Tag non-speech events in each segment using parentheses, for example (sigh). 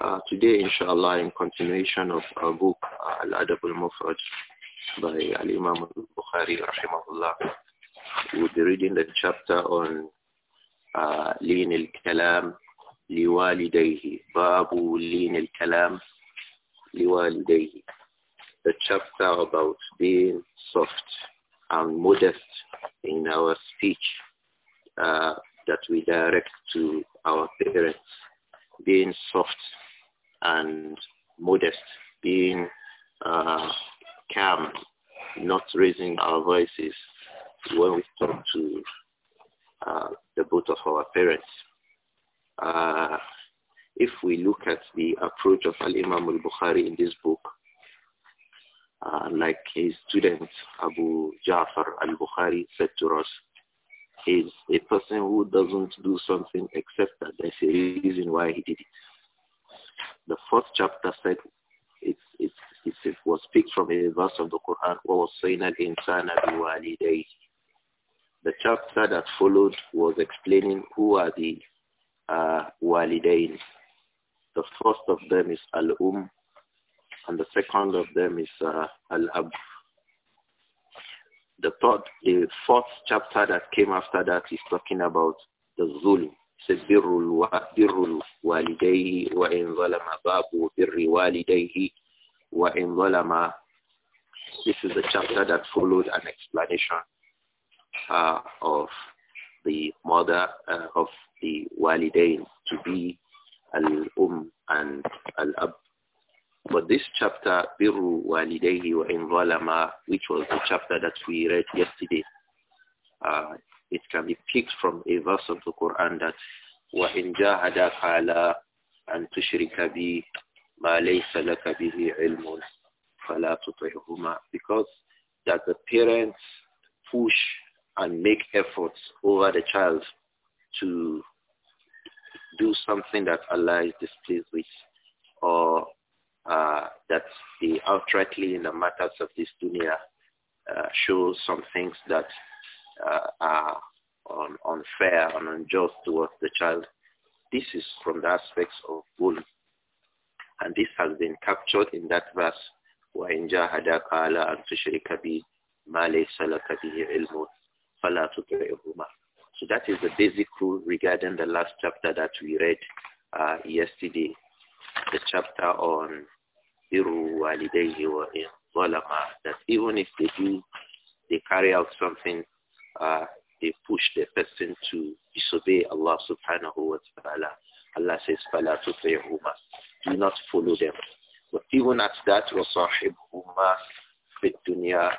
Uh, today, inshallah, in continuation of our book, uh, Al-Adab al Mufrad by Al-Imam al-Bukhari, rahimahullah, we'll be reading the chapter on uh, al-Kalam liwalidayhi, Babu Lean al-Kalam liwalidayhi. The chapter about being soft and modest in our speech uh, that we direct to our parents, being soft and modest, being uh, calm, not raising our voices when we talk to uh, the both of our parents. Uh, if we look at the approach of Al-Imam al-Bukhari in this book, uh, like his student Abu Ja'far al-Bukhari said to us, he's a person who doesn't do something except that there's a reason why he did it the fourth chapter said it, it, it, it was picked from a verse of the Quran, وَوَصَّيْنَا الْإِنسَانَ بِوَالِدَيْهِ The chapter that followed was explaining who are the uh, walidain. The first of them is al-um, and the second of them is uh, al-ab. The third, the fourth chapter that came after that is talking about the zulm, said birrul, birrul walidayhi wa in zalama babu birri walidayhi wa in zalama. This is the chapter that followed an explanation uh, of the mother uh, of the walidain to be al-um and al-ab. But this chapter, Biru Walidehi wa which was the chapter that we read yesterday, uh, it can be picked from a verse of the Quran that وَإِنْ جَاهَدَكَ عَلَىٰ أَنْ تُشْرِكَ بِي مَا لَيْسَ لَكَ بِهِ عِلْمٌ فَلَا تُطِعْهُمَا Because that the parents push and make efforts over the child to do something that Allah is displeased with or uh, that they outrightly in the matters of this dunya uh, show some things that uh, are un- unfair and unjust towards the child. This is from the aspects of bullying. And this has been captured in that verse, وَإِنْ جَاهَدَاكَ عَلَىٰ أَنْ تُشْرِكَ بِي مَا لَيْسَ لَكَ بِهِ عِلْمٌ فَلَا So that is the basic rule regarding the last chapter that we read uh, yesterday, the chapter on Iru Walidayhi wa that even if they do, they carry out something uh, they push the person to disobey Allah subhanahu wa ta'ala. Allah says, فَلَا تُطِعْهُمَا Do not follow them. But even at that, وَصَاحِبْهُمَا فِي الدُّنْيَا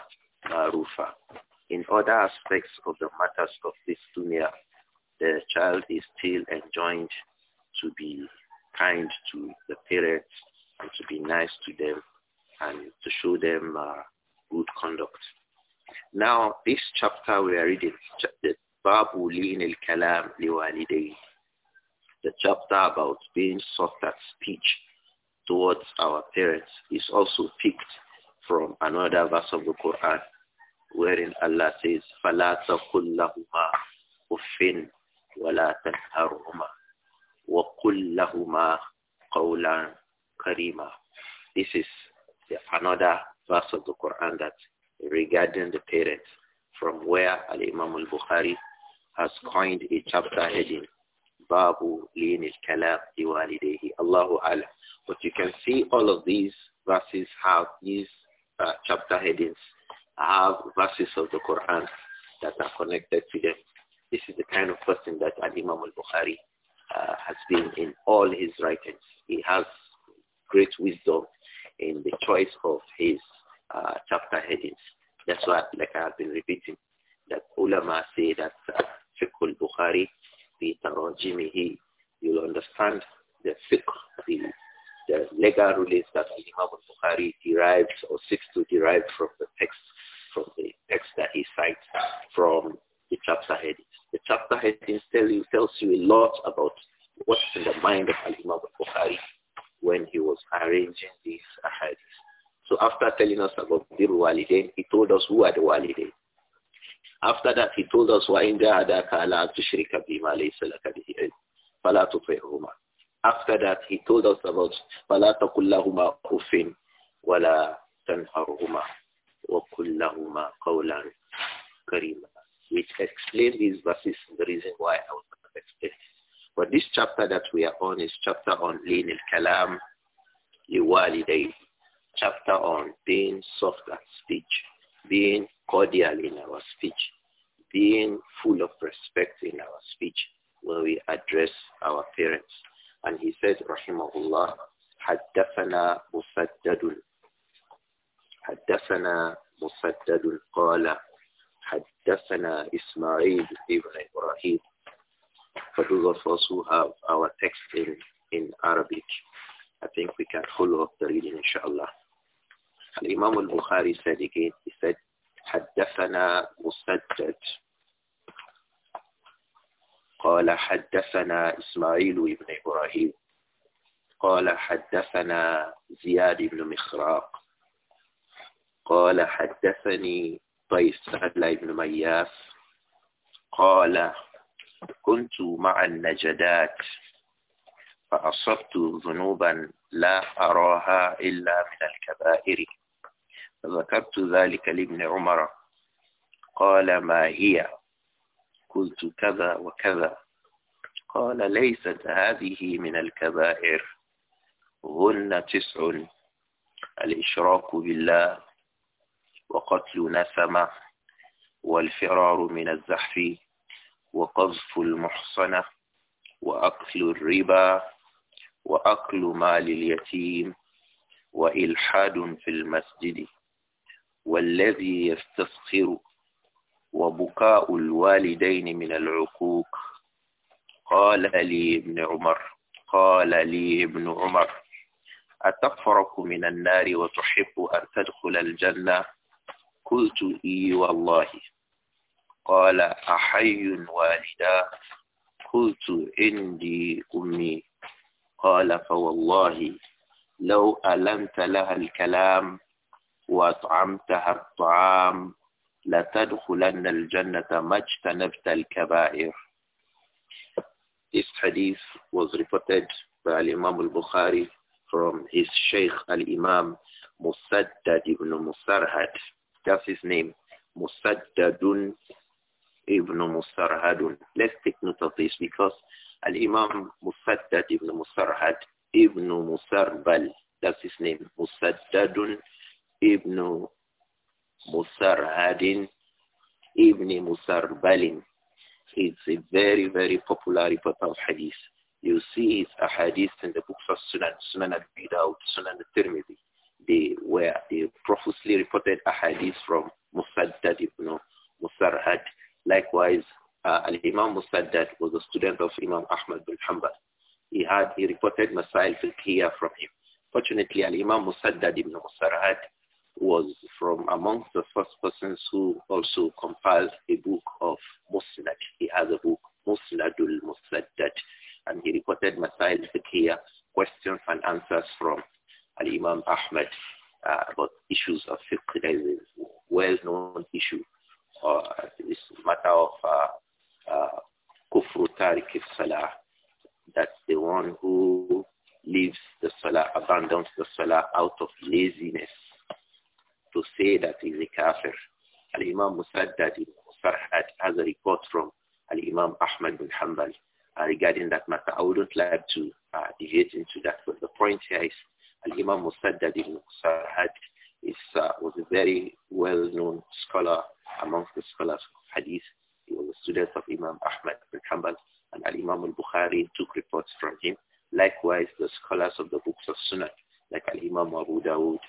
ma'rufa." In other aspects of the matters of this dunya, the child is still enjoined to be kind to the parents and to be nice to them and to show them uh, good conduct now, this chapter we are reading, the Babu Lin al Kalam Liwalidayn, the chapter about being soft at speech towards our parents is also picked from another verse of the Quran, wherein Allah says, فَلَا تَقُلْ لَهُمَا أُفٍ وَلَا تَنْهَرْهُمَا وَقُلْ لَهُمَا قَوْلًا كَرِيمًا This is another verse of the Quran that regarding the parents from where Al-Imam al-Bukhari has coined a chapter heading Babu Lin al-Kalam Iwalidayhi Allahu Alam. But you can see all of these verses have these uh, chapter headings have verses of the Quran that are connected to them. This is the kind of person that Al-Imam al-Bukhari uh, has been in all his writings. He has great wisdom in the choice of his uh, chapter headings. That's what, like I have been repeating, that ulama say that uh, al bukhari bi tarajimihi, you'll understand the fiqh, the, the legal rules that Imam bukhari derives or seeks to derive from the text, from the text that he cites from the chapter headings. The chapter headings tell you, tells you a lot about what's in the mind of Imam bukhari when he was arranging these headings. So after telling us about the walidain, he told us who are the walidain. After that, he told us, وَإِنْ جَاهَدَاكَ عَلَىٰ تُشْرِكَ بِمَا لَيْسَ لَكَ بِهِ عِلْمٍ فَلَا تُطِعْهُمَا After that, he told us about فَلَا تَقُلْ لَهُمَا أُفٍ وَلَا تَنْهَرْهُمَا وَقُلْ لَهُمَا قَوْلًا كَرِيمًا Which explains these verses, the reason why I was not explaining. But this chapter that we are on is chapter on لين الكلام لوالديه chapter on being soft at speech, being cordial in our speech, being full of respect in our speech when we address our parents. And he says, Rahimahullah, haddafana مسدد حدثنا مسدد قال حدثنا Ismail ibn Ibrahim.' for those of us who have our text in, in Arabic, I think we can follow up the reading, inshallah. الامام البخاري al-Bukhari حدثنا مسدد قال حدثنا إسماعيل بن إبراهيم قال حدثنا زياد بن مخراق قال حدثني طيس سهل بن مياس قال كنت مع النجدات فأصبت ذنوبا لا أراها إلا من الكبائر فذكرت ذلك لابن عمر قال ما هي قلت كذا وكذا قال ليست هذه من الكبائر هن تسع الإشراك بالله وقتل نسمة والفرار من الزحف وقذف المحصنة وأكل الربا وأكل مال اليتيم وإلحاد في المسجد والذي يستسخر وبكاء الوالدين من العقوق قال لي ابن عمر قال لي ابن عمر أتفرق من النار وتحب أن تدخل الجنة قلت إي والله قال أحي والدا قلت عندي أمي قال فوالله لو ألمت لها الكلام وأطعمتها الطعام لتدخلن الجنة ما اجتنبت الكبائر This hadith was reported by Imam al-Bukhari from his Sheikh al-Imam Musaddad ibn Musarhad. That's his name. Musaddadun ibn Musarhadun. Let's take note of this because al-Imam Musaddad ibn Musarhad ibn Musarbal. That's his name. Musaddadun Ibn Musarhadin, Ibn Musarbalin. it's a very, very popular reporter of hadith. You see it's a hadith in the books of Sunan, Sunan al-Bidawud, Sunan al-Tirmidhi. They were, they profusely reported a hadith from Musaddad ibn Musarhad. Likewise, uh, Al-Imam Musaddad was a student of Imam Ahmad bin Hanbal. He had, he reported Masail Fiqhiyah from him. Fortunately, Al-Imam Musaddad ibn Musarhad was from amongst the first persons who also compiled a book of Musnad. He has a book, Musnadul Musaddad, and he reported Masail Fiqhiyah, questions and answers from Al-Imam Ahmed uh, about issues of fiqh. That is a well-known issue, uh, this matter of uh, uh Kufru Tariq Salah, that the one who leaves the Salah, abandons the Salah out of laziness to say that he's a kafir. Al-Imam Musaddad ibn musarhat has a report from Al-Imam Ahmad bin Hanbal uh, regarding that matter. I wouldn't like to uh, deviate into that, but the point here is Al-Imam Musaddad ibn musarhat is, uh, was a very well-known scholar amongst the scholars of Hadith. He was a student of Imam Ahmad bin Hanbal, and Al-Imam al-Bukhari took reports from him. Likewise, the scholars of the books of Sunnah, like Al-Imam Abu Dawood.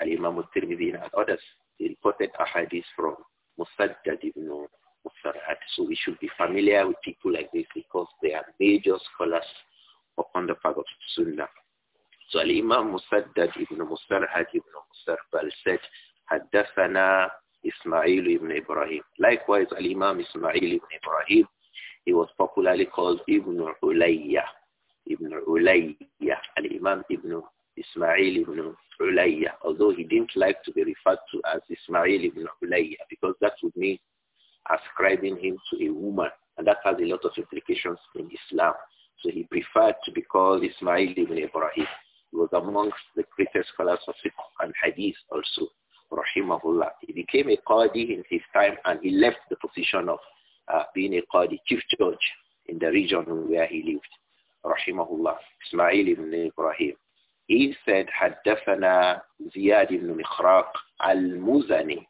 Al-Imam al-Tirmidhi and others, they reported ahadith from Musaddad ibn Musarhad. So we should be familiar with people like this because they are major scholars upon the path of Sunnah. So Al-Imam Musaddad ibn Musarhad ibn Musarbal said, حدثنا Ismail ibn Ibrahim. Likewise, Al-Imam Ismail ibn Ibrahim, he was popularly called Ibn Ulayya. Ibn Ulayya. Al-Imam Ibn Ismail ibn Ulayya, although he didn't like to be referred to as Ismail ibn Ulayya because that would mean ascribing him to a woman, and that has a lot of implications in Islam. So he preferred to be called Ismail ibn Ibrahim. He was amongst the greatest scholars of fiqh and hadith also, rahimahullah. He became a qadi in his time, and he left the position of uh, being a qadi, chief judge in the region where he lived, rahimahullah, Ismail ibn Ibrahim. He said, حدثنا زياد بن مخراق المزني.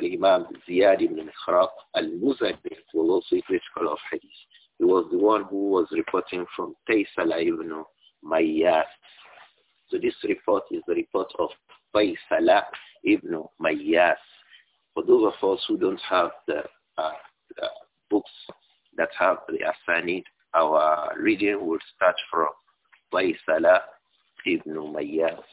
Al-Imam Ziyad ibn Mikhraq al-Muzani was also a critical of hadith. He was the one who was reporting from Taysala ibn Mayyas. So this report is the report of Taysala ibn Mayyas. For those of us who don't have the, uh, the books that have the Asanid, our reading will start from Taysala Number Umayyas.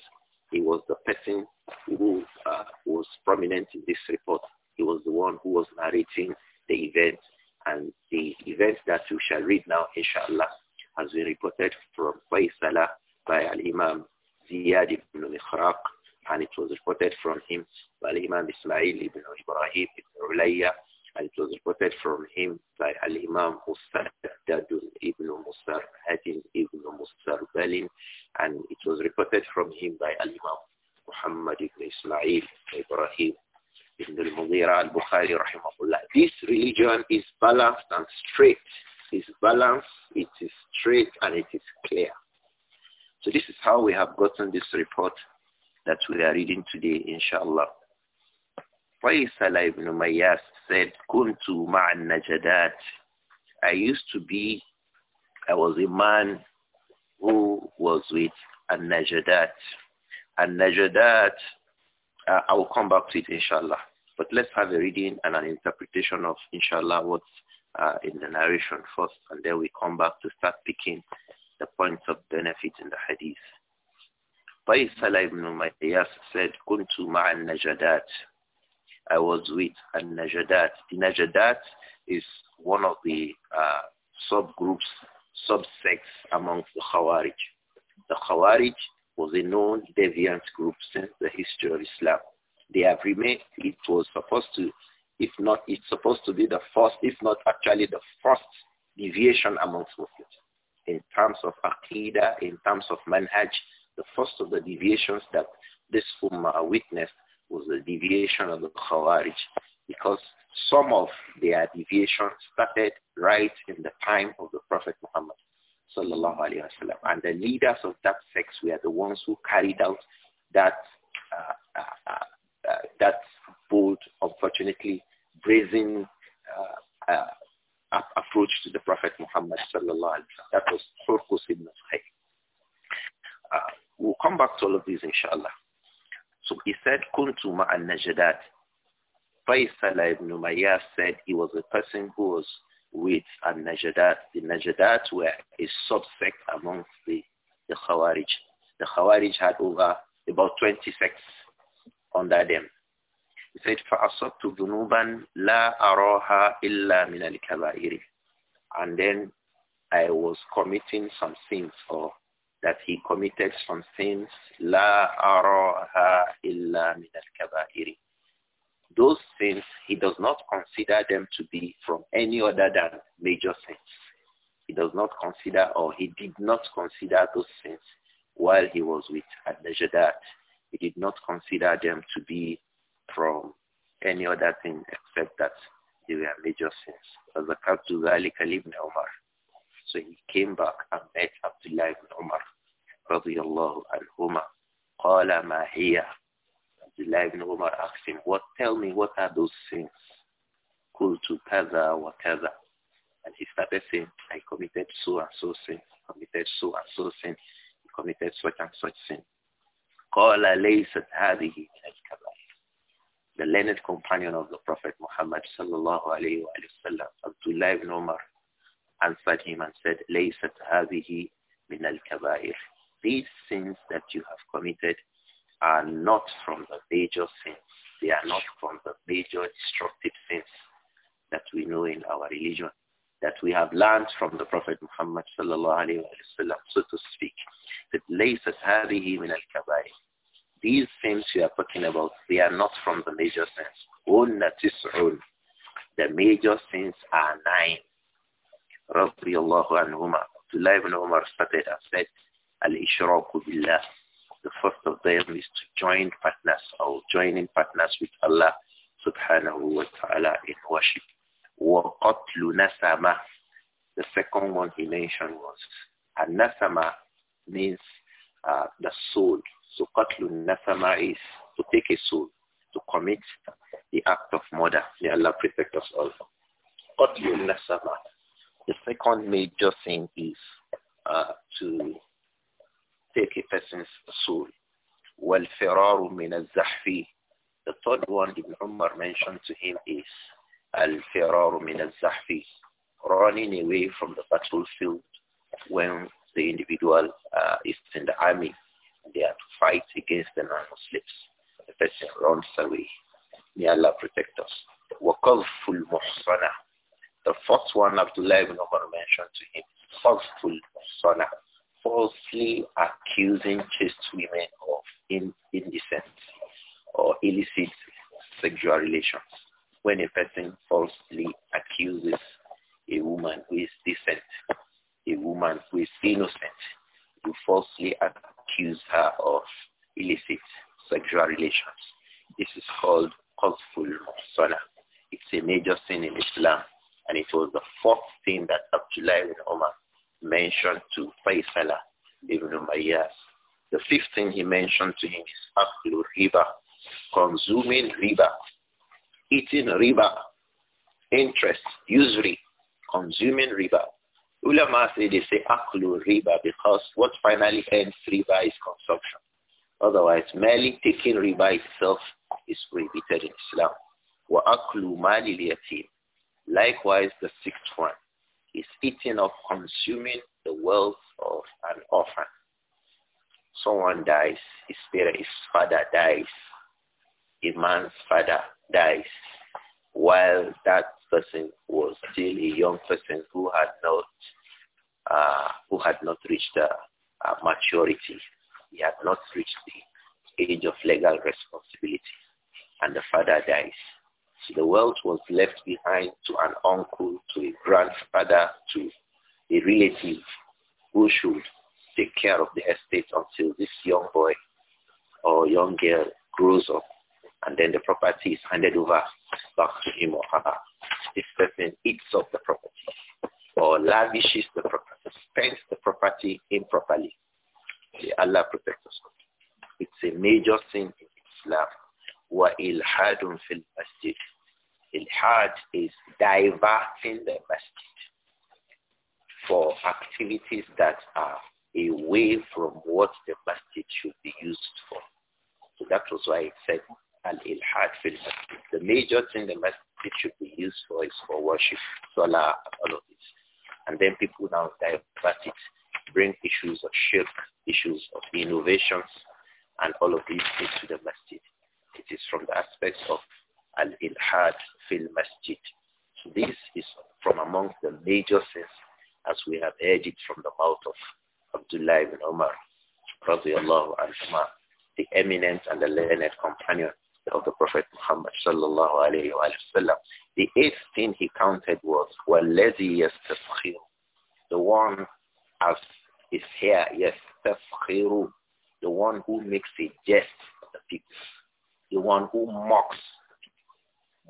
He was the person who uh, was prominent in this report. He was the one who was narrating the event. And the event that we shall read now, inshallah, has been reported from Faisala by Al-Imam Ziyad ibn Mikhraq. And it was reported from him by Al-Imam Ismail ibn Ibrahim ibn Ulayya it was reported from him by Al-Imam Musaddadun ibn Musarhadin ibn Balin, and it was reported from him by Al-Imam Muhammad ibn Ismail Ibrahim ibn al-Mughira al-Bukhari rahimahullah. This religion is balanced and straight. It's balanced, it is straight, and it is clear. So this is how we have gotten this report that we are reading today, inshallah. Faisal ibn Mayas said, Kuntu ma'an najadat. I used to be, I was a man who was with al-najadat. Al-najadat, uh, I will come back to it inshallah. But let's have a reading and an interpretation of inshallah what's uh, in the narration first and then we come back to start picking the points of benefit in the hadith. Faisal ibn Mayas said, Kuntu ma'an najadat. I was with Al-Najadat. The Najadat is one of the uh, subgroups, subsects amongst the Khawarij. The Khawarij was a known deviant group since the history of Islam. They have remained, it was supposed to, if not, it's supposed to be the first, if not actually the first deviation amongst Muslims. In terms of Aqidah, in terms of Manhaj, the first of the deviations that this Ummah witnessed was the deviation of the Khawarij because some of their deviation started right in the time of the Prophet Muhammad sallallahu alaihi wasallam. And the leaders of that sect were the ones who carried out that uh, uh, uh, uh that bold, unfortunately, brazen uh, uh, approach to the Prophet Muhammad sallallahu alaihi wasallam. That was Hurqus ibn Khayy. We'll come back to all of these inshallah. So he said, Kuntu al najadat. Faisal ibn Umayyah said he was a person who was with al najadat. The najadat were a subsect amongst the, the Khawarij. The Khawarij had over about 20 sects under them. He said, فَأَصَبْتُ ذُنُوبًا لَا أَرَاهَا إِلَّا مِنَ الْكَبَائِرِ And then I was committing some sins or that he committed some sins, la araha illa min al-kabairi. Those sins, he does not consider them to be from any other than major sins. He does not consider or he did not consider those sins while he was with Adnajadat. He did not consider them to be from any other thing except that they were major sins. فَذَكَرْتُ ذَلِكَ لِبْنِ عُمَرٍ so he came back and met Abdullah ibn Umar radiallahu anhuma. Qala ma hiya. Abdullah ibn Umar asked him, what, tell me what are those sins? Kultu kaza wa kaza. And he started saying, I committed so and so sin, committed so and so sin, committed such and such sin. Qala laysat hadihi min the learned companion of the Prophet Muhammad sallallahu alayhi wa sallam, Abdullah ibn Umar, answered him and said, لَيْسَتْ min al kabair. These sins that you have committed are not from the major sins. They are not from the major destructive sins that we know in our religion, that we have learned from the Prophet Muhammad sallallahu alayhi wa sallam, so to speak, that لَيْسَتْ min al kabair. These sins you are talking about, they are not from the major sins. The major sins are nine radiallahu anhuma. Abdullah ibn Umar started and said, Al-Ishraku The first of them is to join partners or joining partners with Allah subhanahu wa ta'ala in worship. وَقَتْلُ نَسَمَةً The second one he mentioned was, النسمة means uh, the soul. So قَتْلُ nasama is to take a soul, to commit the act of murder. May Allah protect us all. قَتْلُ nasama the second major thing is uh, to take a person's soul. وَالْفِرَارُ مِنَ The third one Ibn Umar mentioned to him is al-firar min al-zahfi, running away from the battlefield when the individual uh, is in the army. They are to fight against the non-Muslims. The person runs away. May Allah protect us. وَقَذْفُ الْمُحْصَنَةِ the first one of the eleven I'm going to mention to him, falseful sona, falsely accusing chaste women of indecency indecent or illicit sexual relations. When a person falsely accuses a woman who is decent, a woman who is innocent, you falsely accuse her of illicit sexual relations. This is called Qazful sona. It's a major sin in Islam. And it was the fourth thing that Abdullah ibn Omar mentioned to Faisala ibn Umayyas. The fifth thing he mentioned to him is Aklu riba, consuming riba, eating riba, interest, usury, consuming riba. Ulama say they say Aklu riba because what finally ends riba is consumption. Otherwise, merely taking riba itself is prohibited in Islam. Wa aklu mali liyatim. Likewise, the sixth one is eating up, consuming the wealth of an orphan. Someone dies, his parent, his father dies, a man's father dies, while that person was still a young person who had not uh, who had not reached a uh, maturity. He had not reached the age of legal responsibility, and the father dies the wealth was left behind to an uncle, to a grandfather, to a relative who should take care of the estate until this young boy or young girl grows up and then the property is handed over back to him or her. This person eats up the property or lavishes the property, spends the property improperly. May Allah protects us. It's a major sin in Islam. وَإِلْحَادٌ فِي الْمَسْجِدِ Ilhad is diverting the masjid for activities that are away from what the masjid should be used for. So that was why it said al-ilhad fil masjid. The major thing the masjid should be used for is for worship, salah, and all of this. And then people now divert it, bring issues of shirk, issues of innovations, and all of these into the masjid. It is from the aspects of al-ilhad fil masjid. This is from amongst the major sins as we have heard it from the mouth of Abdullah ibn Umar, radiallahu anhu, the eminent and the learned companion of the Prophet Muhammad sallallahu alayhi wa sallam. The eighth thing he counted was وَالَّذِي يَسْتَسْخِرُ The one as is here, yes, the one who makes a jest of the people, the one who mocks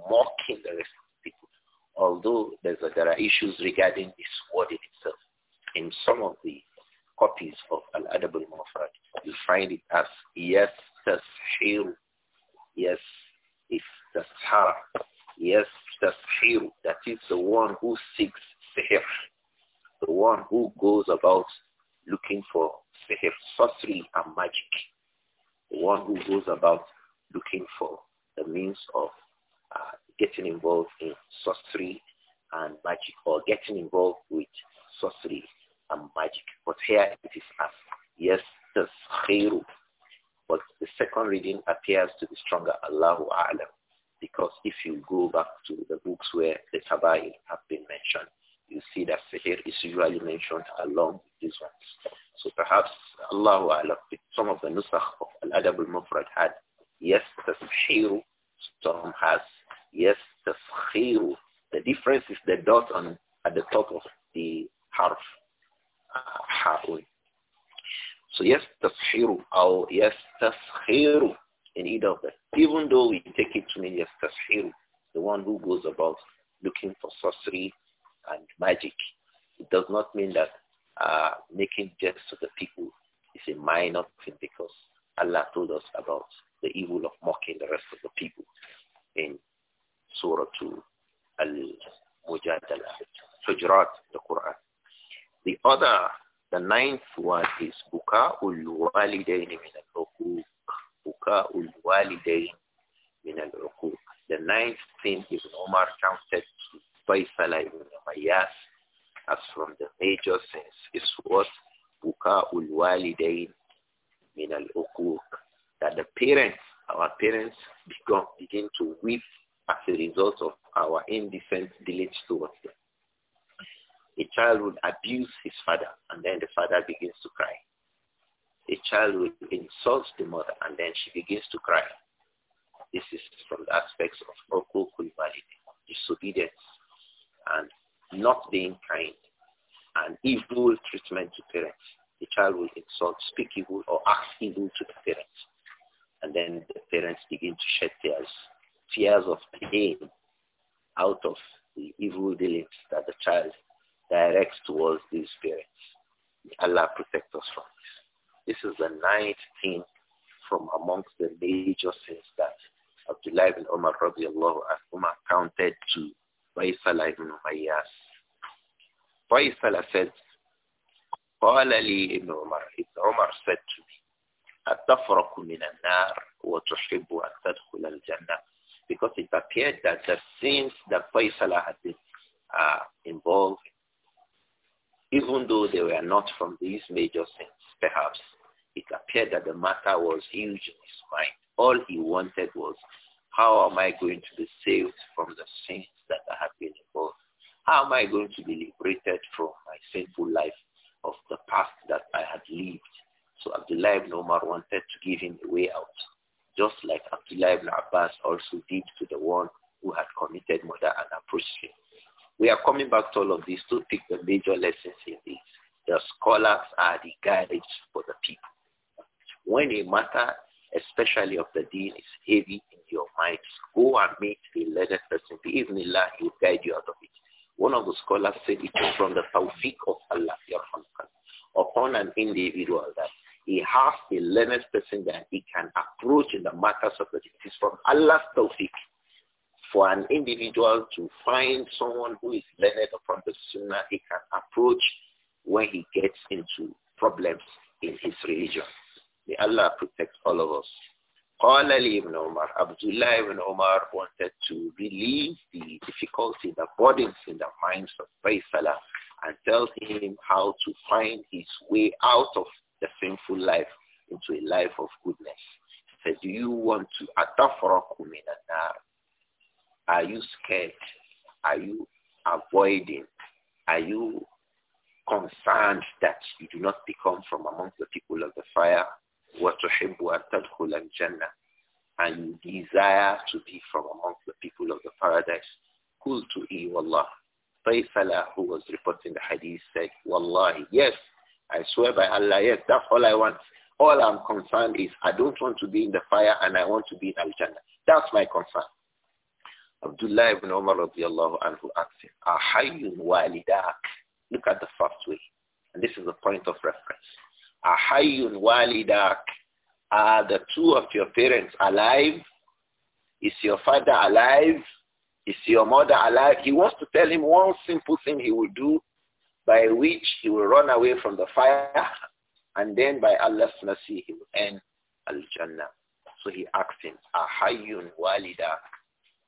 mocking the rest of the people. Although a, there are issues regarding this word itself. In some of the copies of Al-Adab al-Mufrad, you find it as yes tashiru. Yes, it's tashara. Yes, tashiru. That is the one who seeks sihr. The one who goes about looking for sihr, sorcery and magic. The one who goes about looking for the means of uh, getting involved in sorcery and magic or getting involved with sorcery and magic. But here it is as yes, the khairu. But the second reading appears to be stronger, Allahu A'lam. Because if you go back to the books where the tabail have been mentioned, you see that sihir is usually mentioned along with these ones. So perhaps Allahu A'lam, some of the nusakh of Al-Adab al-Mufrad had yes, the sihir, some has Yes, the The difference is the dot on at the top of the harf. Uh, Ha'un. So yes, tashiru or yes, tashiru in either of them. Even though we take it to mean yes, tashiru, the one who goes about looking for sorcery and magic, it does not mean that uh, making jests of the people is a minor thing because Allah told us about the evil of mocking the rest of the people in Surah Al-Mujadala, Hujurat, the Quran. The other, the ninth one is Buka'ul Walidain min al-Uquq. Buka'ul Walidain min al The ninth thing is Omar counted Faisala ibn Umayyas as from the major sins is what Buka'ul Walidain min al-Uquq. That the parents, our parents, begin, begin to weep as a result of our indecent dealings towards them. A child will abuse his father and then the father begins to cry. A child will insult the mother and then she begins to cry. This is from the aspects of okokul disobedience and not being kind and evil treatment to parents. The child will insult, speak evil or ask evil to the parents. And then the parents begin to shed tears tears of pain out of the evil dealings that the child directs towards these parents. Allah protect us from this. This is the ninth thing from amongst the major sins that Abdullah ibn Umar radiallahu anhu counted to Faisal ibn Umayyas. Faisal said, قال لي ابن عمر ابن عمر said to me أتفرق من النار وتحب أن تدخل الجنة because it appeared that the sins that Faisala had been uh, involved, even though they were not from these major sins, perhaps, it appeared that the matter was huge in his mind. All he wanted was, how am I going to be saved from the sins that I have been involved? How am I going to be liberated from my sinful life of the past that I had lived? So Abdullah ibn Omar wanted to give him a way out just like Abdullah ibn Abbas also did to the one who had committed murder and apostasy. We are coming back to all of this to pick the major lessons in this. The scholars are the guides for the people. When a matter, especially of the deen, is heavy in your mind, go and meet a learned person. Even Allah, will guide you out of it. One of the scholars said it was from the tawfiq of Allah upon an individual that he has a learned person that he can approach in the matters of the It is from Allah's tawfiq for an individual to find someone who is learned from the sunnah he can approach when he gets into problems in his religion. May Allah protect all of us. قال Ibn ابن Abdullah ibn Umar wanted to relieve the difficulty, the burdens in the minds of Faisala and tell him how to find his way out of the sinful life into a life of goodness. He said, do you want to atafraku minanar? Are you scared? Are you avoiding? Are you concerned that you do not become from among the people of the fire? وَتُحِبُّ أَن تَدْخُلَ And you desire to be from among the people of the paradise. Kul إِي وَاللَّهِ Faisala, who was reporting the hadith, said, Wallahi, yes, I swear by Allah, yes, that's all I want. All I'm concerned is I don't want to be in the fire and I want to be in Al-Jannah. That's my concern. Abdullah ibn Umar radiallahu anhu asked him, walidak? Look at the first way. And this is the point of reference. Ahayyun walidak? Are the two of your parents alive? Is your father alive? Is your mother alive? He wants to tell him one simple thing he will do by which he will run away from the fire, and then by Allah's mercy he will end Al-Jannah. So he asked him, Ahayun walida,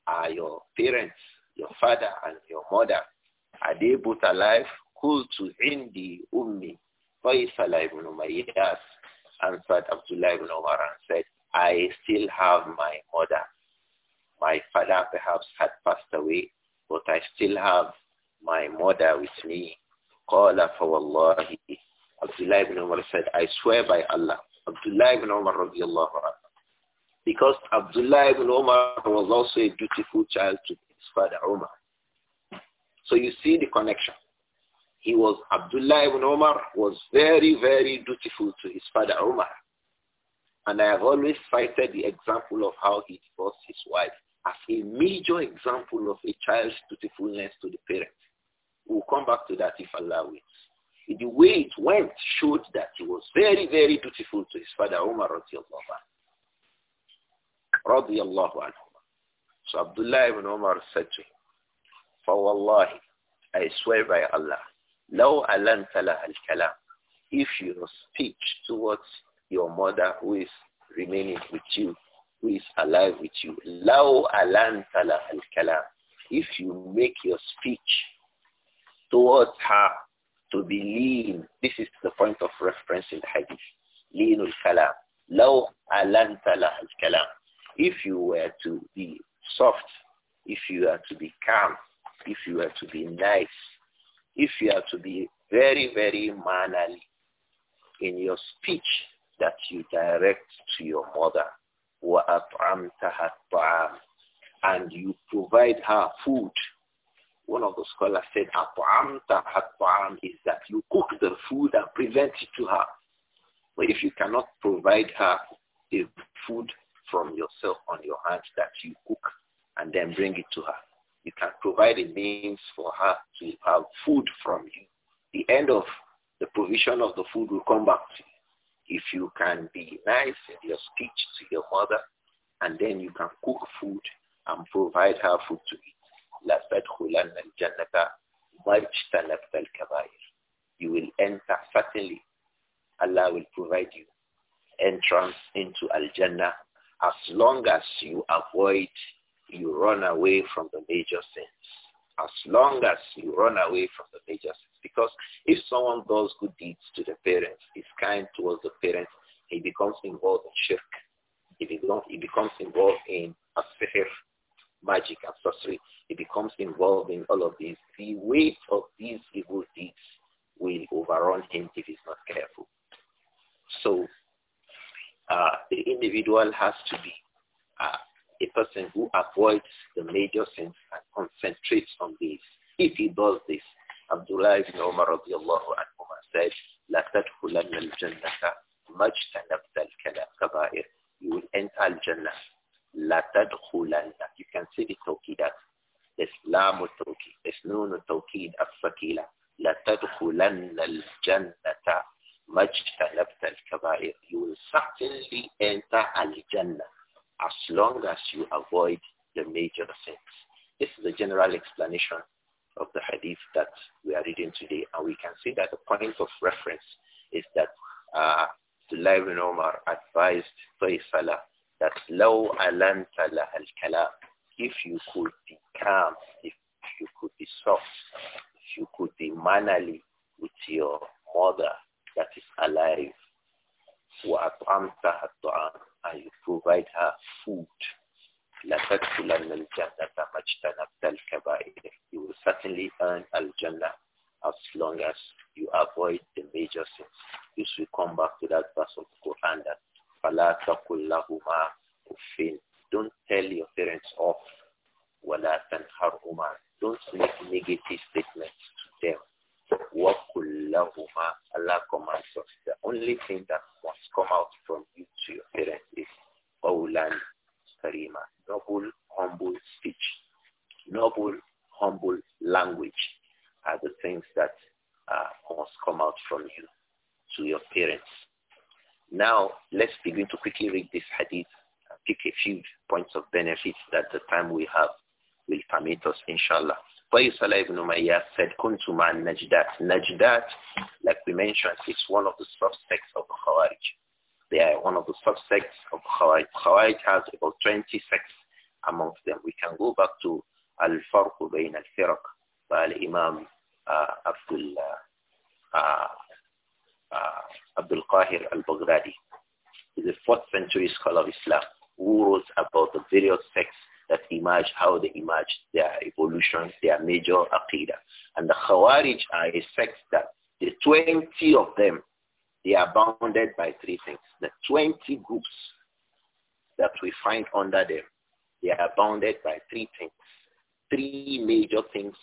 are your parents, your father and your mother, are they both alive? Kultu indi ummi, Faisal ibn Umayyas, answered Abdullah ibn Umar and said, I still have my mother. My father perhaps had passed away, but I still have my mother with me قال فوالله said, I swear by Allah. Because Abdullah ibn Omar was also a dutiful child to his father Umar. So you see the connection. He was, Abdullah ibn Umar was very, very dutiful to his father Umar. And I have always cited the example of how he divorced his wife as a major example of a child's dutifulness to the parents. We'll come back to that if Allah wills. The way it went showed that he was very, very dutiful to his father Umar radiallahu anhu. So Abdullah ibn Umar said to him, فَوَاللَّهِ I swear by Allah, لَوْ أَلَنْتَ لَهَا الْكَلَامِ If your speech towards your mother who is remaining with you, who is alive with you, لَوْ أَلَنْتَ لَهَا الْكَلَامِ If you make your speech towards her to be lean. This is the point of reference in hadith. Lean kalam. Law alanta lahal kalam. If you were to be soft, if you were to be calm, if you were to be nice, if you are to be very, very mannerly in your speech that you direct to your mother, وَأَطْعَمْتَهَا الطَّعَامِ And you provide her food one of the scholars said, At'amta at'am is that you cook the food and present it to her. But if you cannot provide her a food from yourself on your hands that you cook and then bring it to her, you can provide a means for her to have food from you. The end of the provision of the food will come back to you. If you can be nice in your speech to your mother, and then you can cook food and provide her food to eat. You will enter certainly. Allah will provide you entrance into Al-Jannah as long as you avoid, you run away from the major sins. As long as you run away from the major sins. Because if someone does good deeds to the parents, is kind towards the parents, he becomes involved in shirk. He becomes, he becomes involved in a sihr, magic and sorcery. He becomes involved in all of these. The weight of these evil deeds will overrun him if he's not careful. So uh, the individual has to be uh, a person who avoids the major sins and concentrates on these. If he does this, Abdullah ibn Umar radiallahu anhu said, "La تَدْخُلَنَّ الْجَنَّةَ مَجْتَنَبْتَ الْكَبَائِرِ You will enter al-Jannah you can see the tawqidat. There's Islam tawqid. There's noon tawqid as-sakila. لَتَدْخُلَنَّ الْجَنَّةَ مَجْتَنَبْتَ الْكَبَائِرِ You will certainly enter al-jannah as long as you avoid the major sins. This is the general explanation of the hadith that we are reading today. And we can see that the point of reference is that uh, Abdullah ibn Omar advised Faisalah that low ألنت الكلام if you could be calm, if you could be soft, if you could be manly with your mother that is alive, وأطعمتها الطعام and you provide her food, you will certainly earn al-jannah as long as you avoid the major sins. This will come back to that verse of the Quran that فلا تقل لهما quickly read this hadith pick a few points of benefits that the time we have will permit us, inshallah. Faisal ibn Umayyad said, Kuntum Najdat. Najdat, like we mentioned, is one of the subsects of the Khawarij. They are one of the subsects of Khawarij. Khawarij has about 20 sects amongst them. We can go back to Al-Farq Bayn Al-Firq by al Imam uh, Abdul, uh, uh, uh, Abdul Qahir Al-Baghdadi every scholar of Islam who wrote about the various sects that emerge, how they emerge, their evolution, their major aqidah. And the Khawarij are a sect that the 20 of them, they are bounded by three things. The 20 groups that we find under them, they are bounded by three things. Three major things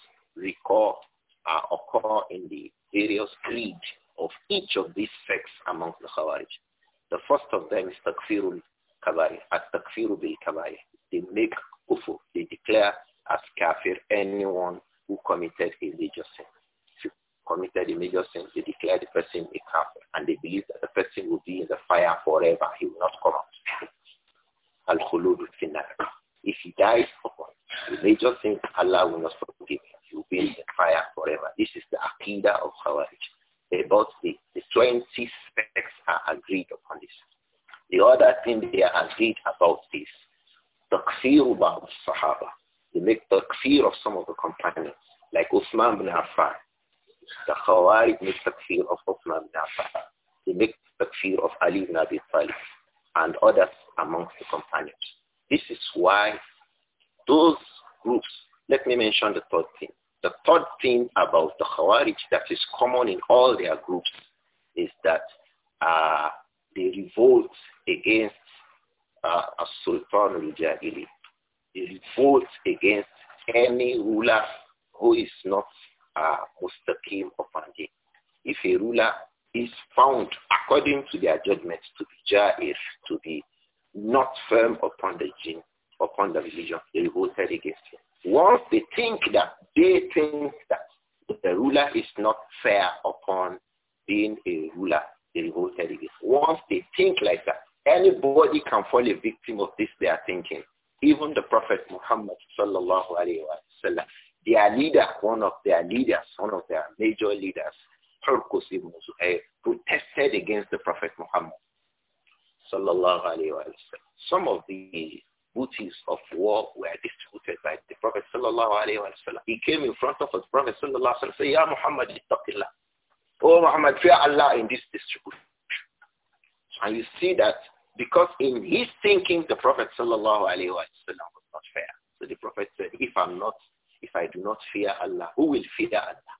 of them is takfirul kabair, at takfiru bil kabair. They make kufur, they declare as kafir anyone who committed a major sin. If you committed a major sin, they declare the person a kafir, and they believe that the person will be in the fire forever. He will not come out. Al-Khulud If he dies the major sin, Allah will not forgive him. He will be in the fire forever. This is the Aqidah of Khawarij. About the, the 20 specs are agreed upon this. The other thing they are agreed about is takfir of Sahaba. They make takfir of some of the companions, like Uthman bin Affan. The Khawarij make takfir of Uthman bin Affan. They make takfir of Ali bin Abi Talib and others amongst the companions. This is why those groups, let me mention the third thing. The third thing about the Khawarij that is common in all their groups is that uh, they revolt against uh, a sultan al-Jahili. He votes against any ruler who is not uh, mustaqim upon him. If a ruler is found, according to their judgment, to be jahil, to be not firm upon the jinn, upon the religion, they voted against him. Once they think that, they think that the ruler is not fair upon being a ruler, they voted against. him. Once they think like that, Anybody can fall a victim of this They are thinking. Even the Prophet Muhammad sallallahu alayhi wa sallam, their leader, one of their leaders, one of their major leaders, Hurqus ibn Zuhair, protested against the Prophet Muhammad sallallahu alayhi wa sallam. Some of the booties of war were distributed by the Prophet sallallahu alayhi wa sallam. He came in front of us, Prophet sallallahu alayhi wa sallam, said, Ya Muhammad, ittaqillah. Oh Muhammad, fear Allah in this distribution. And you see that because in his thinking, the Prophet sallallahu alaihi wasallam was not fair. So the Prophet said, if I'm not, if I do not fear Allah, who will fear Allah?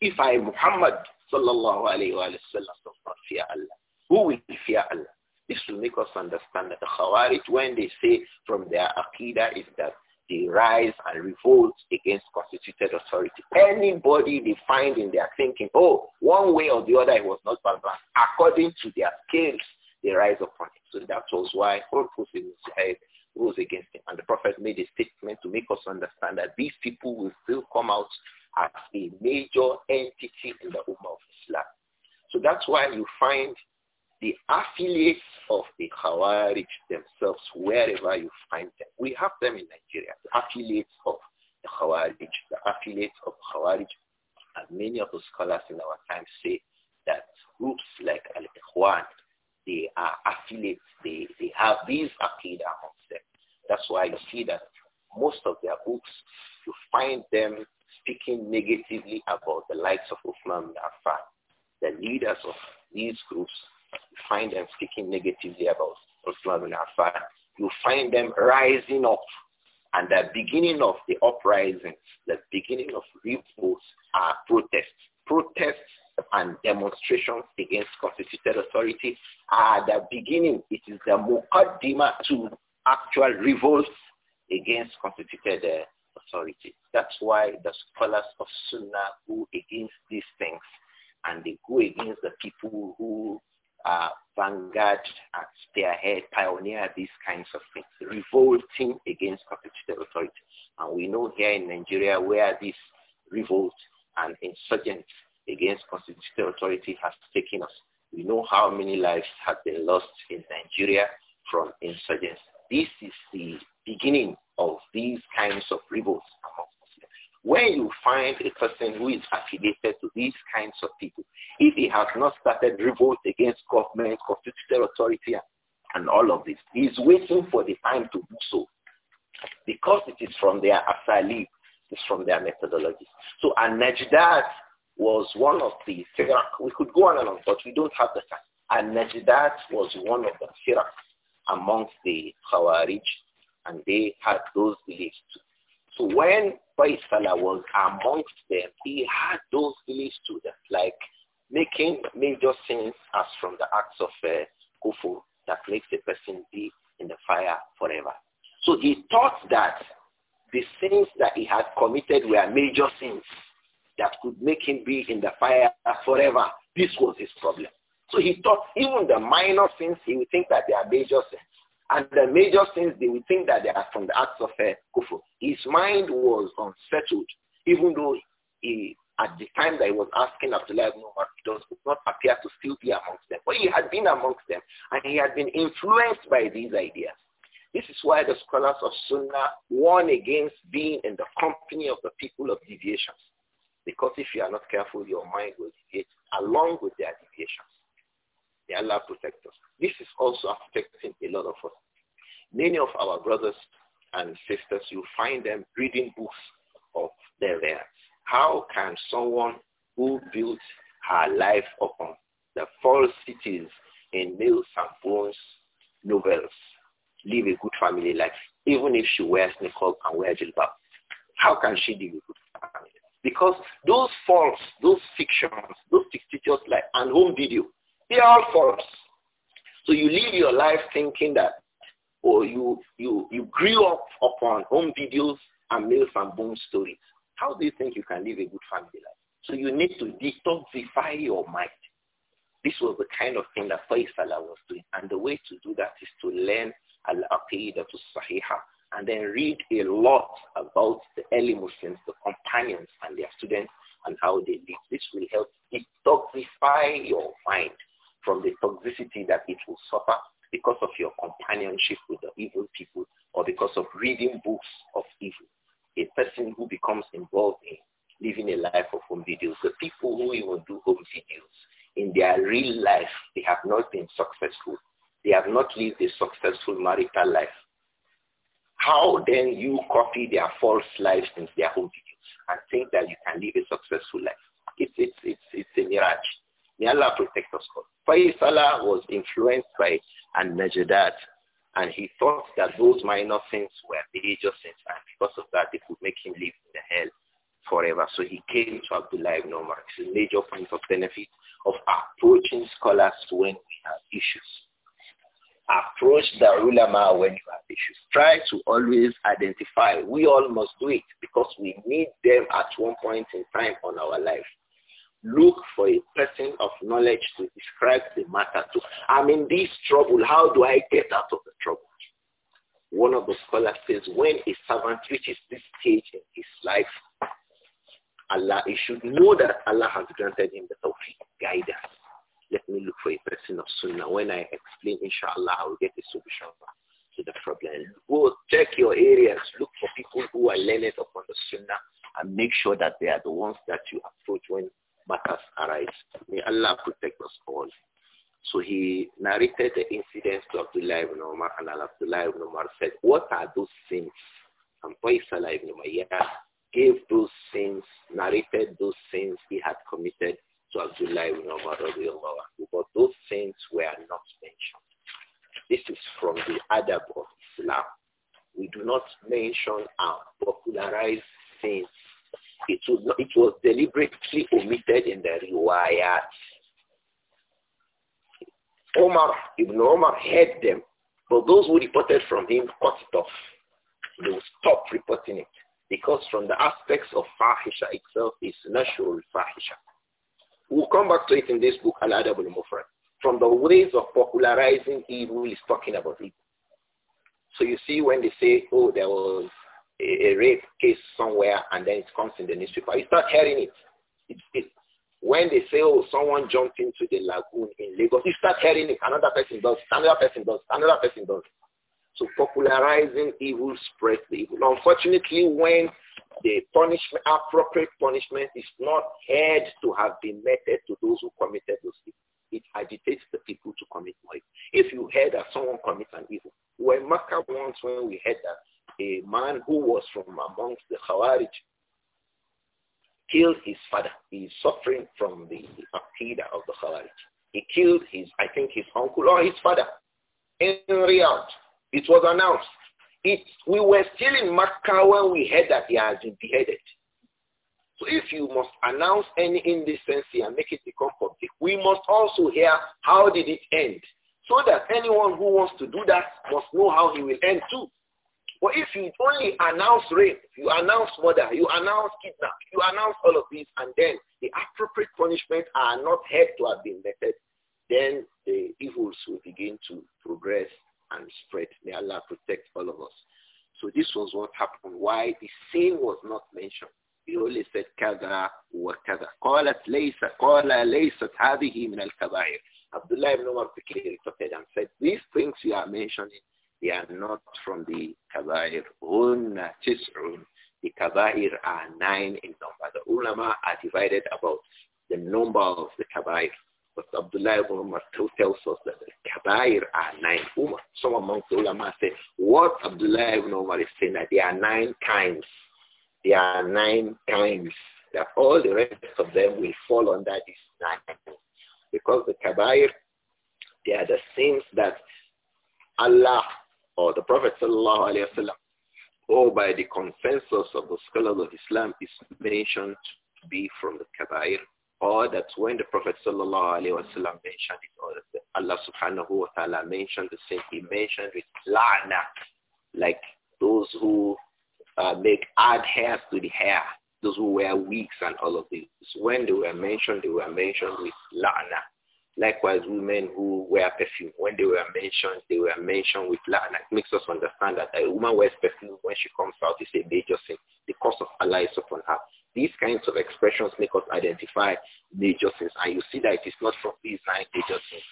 If I, Muhammad sallallahu alaihi wasallam, does not fear Allah, who will fear Allah? This will make us understand that the Khawarij, when they say from their Aqidah is that they rise and revolt against constituted authority. Anybody they find in their thinking, oh, one way or the other it was not balanced, according to their scales, they rise upon it. So that was why Hurfus rose against him. And the Prophet made a statement to make us understand that these people will still come out as a major entity in the Ummah of Islam. So that's why you find the affiliates of the Khawarij themselves, wherever you find them. We have them in Nigeria, the affiliates of the Khawarij, the affiliates of Khawarij. And many of the scholars in our time say that groups like Al-Ikhwan, they are affiliates, they, they have these aqidah amongst them. That's why you see that most of their books, you find them speaking negatively about the likes of Uthman and Affan. The leaders of these groups find them speaking negatively about Osman bin Affan. You find them rising up. And the beginning of the uprisings, the beginning of revolts are protests. Protests and demonstrations against constituted authority are the beginning. It is the muqaddimah to actual revolts against constituted uh, authority. That's why the scholars of Sunnah go against these things and they go against the people who uh, vanguard at their head, pioneer these kinds of things, revolting against competitive authority. And we know here in Nigeria where this revolt and insurgent against constitutional authority has taken us. We know how many lives have been lost in Nigeria from insurgents. This is the beginning of these kinds of revolts when you find a person who is affiliated to these kinds of people, if he has not started revolt against government, constitutional authority, and all of this, he is waiting for the time to do so because it is from their asali, it's from their methodology. So an was one of the firaq. We could go on and on, but we don't have the time. an was one of the firaq amongst the Khawarij, and they had those beliefs too. So when Faisala was amongst them, he had those beliefs them, like making major sins as from the acts of uh, kufur that makes a person be in the fire forever. So he thought that the sins that he had committed were major sins that could make him be in the fire forever. This was his problem. So he thought even the minor sins, he would think that they are major sins. And the major sins, they would think that they are from the acts of uh, His mind was unsettled, even though he, at the time that he was asking Abdullah ibn he does not appear to still be amongst them. But he had been amongst them, and he had been influenced by these ideas. This is why the scholars of Sunnah warn against being in the company of the people of deviations. Because if you are not careful, your mind will deviate along with their deviations. May Allah protect us. This is also affecting a lot of us. Many of our brothers and sisters, you find them reading books of their theirs. How can someone who built her life upon the false cities in males and novels live a good family life, even if she wears Nicole and wears jilbab? How can she live a good family? Because those false, those fictions, those fictitious life and home video, they are all false. So you live your life thinking that or oh, you, you, you grew up upon home videos and males and bone stories. How do you think you can live a good family life? So you need to detoxify your mind. This was the kind of thing that Faisala was doing. And the way to do that is to learn Al-Aqidah to Sahiha and then read a lot about the early Muslims, the companions and their students and how they lived. This will help detoxify your mind from the toxicity that it will suffer because of your companionship with the evil people or because of reading books of evil. A person who becomes involved in living a life of home videos, the people who even do home videos, in their real life, they have not been successful. They have not lived a successful marital life. How then you copy their false lives in their home videos and think that you can live a successful life? It's, it's, it's, it's a mirage. May Allah protect us all. Faisala was influenced by and that, And he thought that those minor sins were major sins, and because of that, they could make him live in the hell forever. So he came to Abdullah ibn Umar. It's a major point of benefit of approaching scholars when we have issues. Approach the ulama when you have issues. Try to always identify. We all must do it because we need them at one point in time on our life look for a person of knowledge to describe the matter to. I'm in this trouble. How do I get out of the trouble? One of the scholars says, when a servant reaches this stage in his life, Allah, he should know that Allah has granted him the tawfiq, guidance. Let me look for a person of sunnah. When I explain, inshallah, I will get a solution to the problem. Go check your areas. Look for people who are learned upon the sunnah and make sure that they are the ones that you approach when us arise. May Allah protect us all. So he narrated the incidents to Abdullah ibn Umar and Abdullah ibn Umar said, what are those sins? And Faisal ibn yeah gave those sins, narrated those sins he had committed to Abdullah ibn Umar but those sins were not mentioned. This is from the adab of Islam. We do not mention and popularize sins was, not, it was deliberately omitted in the riwayat. Omar, Ibn Omar heard them, but those who reported from him cut it off. They will stop reporting it because from the aspects of fahisha itself is natural fahisha. We'll come back to it in this book, Al-Adab al-Mufrad. From the ways of popularizing evil is talking about it. So you see when they say, oh, there was a, rape case somewhere and then it comes in the newspaper. You start hearing it. It's, when they say, oh, someone jumped into the lagoon in Lagos, you start hearing it. Another person does, another person does, another person does. So popularizing evil spreads the evil. Unfortunately, when the punishment, appropriate punishment is not heard to have been meted to those who committed those evil, it agitates the people to commit more evil. If you heard that someone commits an evil, we were in once when we heard that a man who was from amongst the Khawarij killed his father. He is suffering from the Aqidah of the Khawarij. He killed his, I think his uncle or his father in Riyadh. It was announced. It, we were still in Makkah when we heard that he has been beheaded. So if you must announce any indecency and make it become public, we must also hear how did it end so that anyone who wants to do that must know how he will end too. But if you only announce rape, you announce murder, you announce kidnap, you announce all of these, and then the appropriate punishments are not held to have been meted, then the evils will begin to progress and spread. May Allah protect all of us. So this was what happened. Why the sin was not mentioned. He only said kaza wa kada. قالت ليس قال ليست هذه من الكبائر. Abdullah ibn Umar reported and said, these things you are mentioning they are not from the kabair. Hunna The kabair are nine in number. The ulama are divided about the number of the kabair. But Abdullah ibn Umar tells us that the kabair are nine. Umar, some among the ulama say, what Abdullah ibn Umar is saying that there are nine kinds. There are nine kinds. That all the rest of them will fall under this nine. Because the kabair, they are the sins that Allah or the Prophet sallallahu wasallam, or by the consensus of the scholars of Islam, is mentioned to be from the Kabair, or that when the Prophet sallallahu alaihi wasallam mentioned it, or Allah subhanahu wa ta'ala mentioned the same, he mentioned with la'na, like those who uh, make add hairs to the hair, those who wear wigs and all of this. When they were mentioned, they were mentioned with la'na. Likewise, women who wear perfume, when they were mentioned, they were mentioned with la'na. It makes us understand that a woman wears perfume when she comes out is a major sin. The curse of Allah is upon her. These kinds of expressions make us identify major sins. And you see that it is not from these nine major sins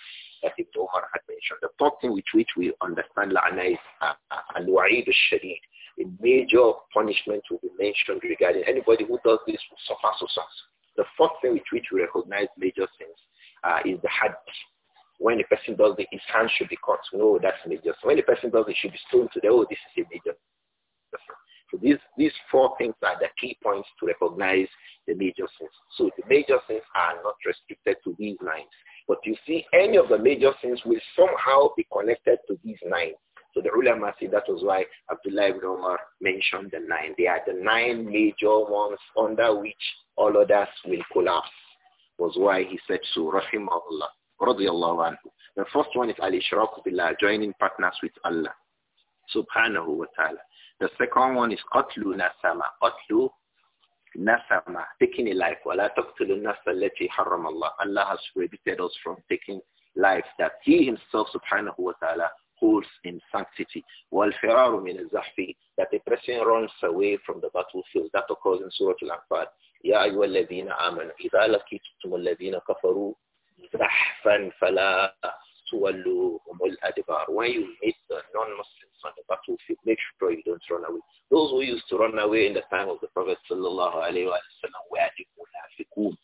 that the Umar had mentioned. The third thing with which we understand la'na is uh, uh, al-wa'id al-shadeed. A major punishment will be mentioned regarding anybody who does this will suffer so The fourth thing with which we recognize major sins uh, is the hajj. When a person does it, his hand should be cut. No, that's major. So when a person does it, should be stoned to the, oh, this is a major. So these, these four things are the key points to recognize the major sins. So the major sins are not restricted to these nine. But you see, any of the major sins will somehow be connected to these nine. So the ulama said that was why Abdullah ibn Umar mentioned the nine. They are the nine major ones under which all others will collapse was why he said to Rahimahullah, radiallahu anhu. The first one is al ishraq billah, joining partners with Allah, subhanahu wa ta'ala. The second one is qatlu nasama, qatlu nasama, taking a life. وَلَا تَقْتُلُ النَّفْسَ الَّتِي حَرَّمَ haram Allah has prohibited us from taking life that he himself, subhanahu wa ta'ala, holds in sanctity. وَالْفِرَارُ مِنَ الزَّحْفِ That a person runs away from the battlefield. That occurs in Surah Al-Anfal. يا أيها الذين آمنوا إذا لقيتم الذين كفروا زحفا فلا تولوهم الأدبار when you meet the non-Muslims on the battlefield make sure you don't run away those who used to run away in the time of the Prophet sallallahu alaihi wasallam were the munafiqun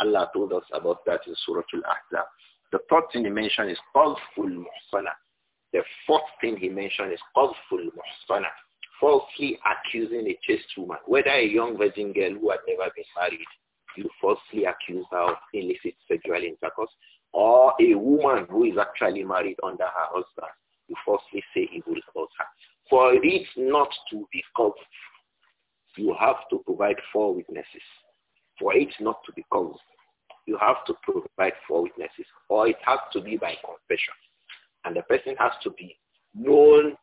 Allah told us about that in Surah Al-Ahzab the third thing he mentioned is qadful muhsana the fourth thing he mentioned is qadful muhsana falsely accusing a chaste woman, whether a young virgin girl who had never been married, you falsely accuse her of illicit sexual intercourse, or a woman who is actually married under her husband, you falsely say evil about her. For it not to be caused, you have to provide four witnesses. For it not to be caused, you have to provide four witnesses, or it has to be by confession. And the person has to be known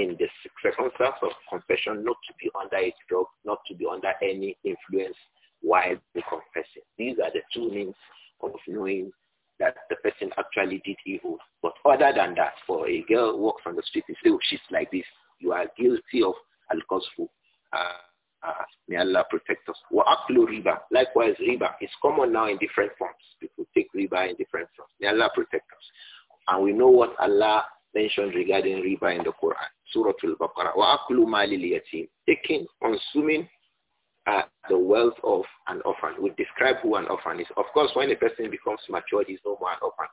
in the circumstance of confession not to be under a drug, not to be under any influence while confessing. These are the two means of knowing that the person actually did evil. But other than that, for a girl walks on the street and say oh, she's like this, you are guilty of al Uh, uh, may Allah protect us. Wa'aklu riba. Likewise, riba is common now in different forms. People take riba in different forms. May Allah protect us. And we know what Allah mentioned regarding riba in the Quran. Surah Al-Baqarah. وَأَكْلُ مَالِ Taking, consuming uh, the wealth of an orphan. We describe who an orphan is. Of course, when a person becomes mature, he's no more an orphan.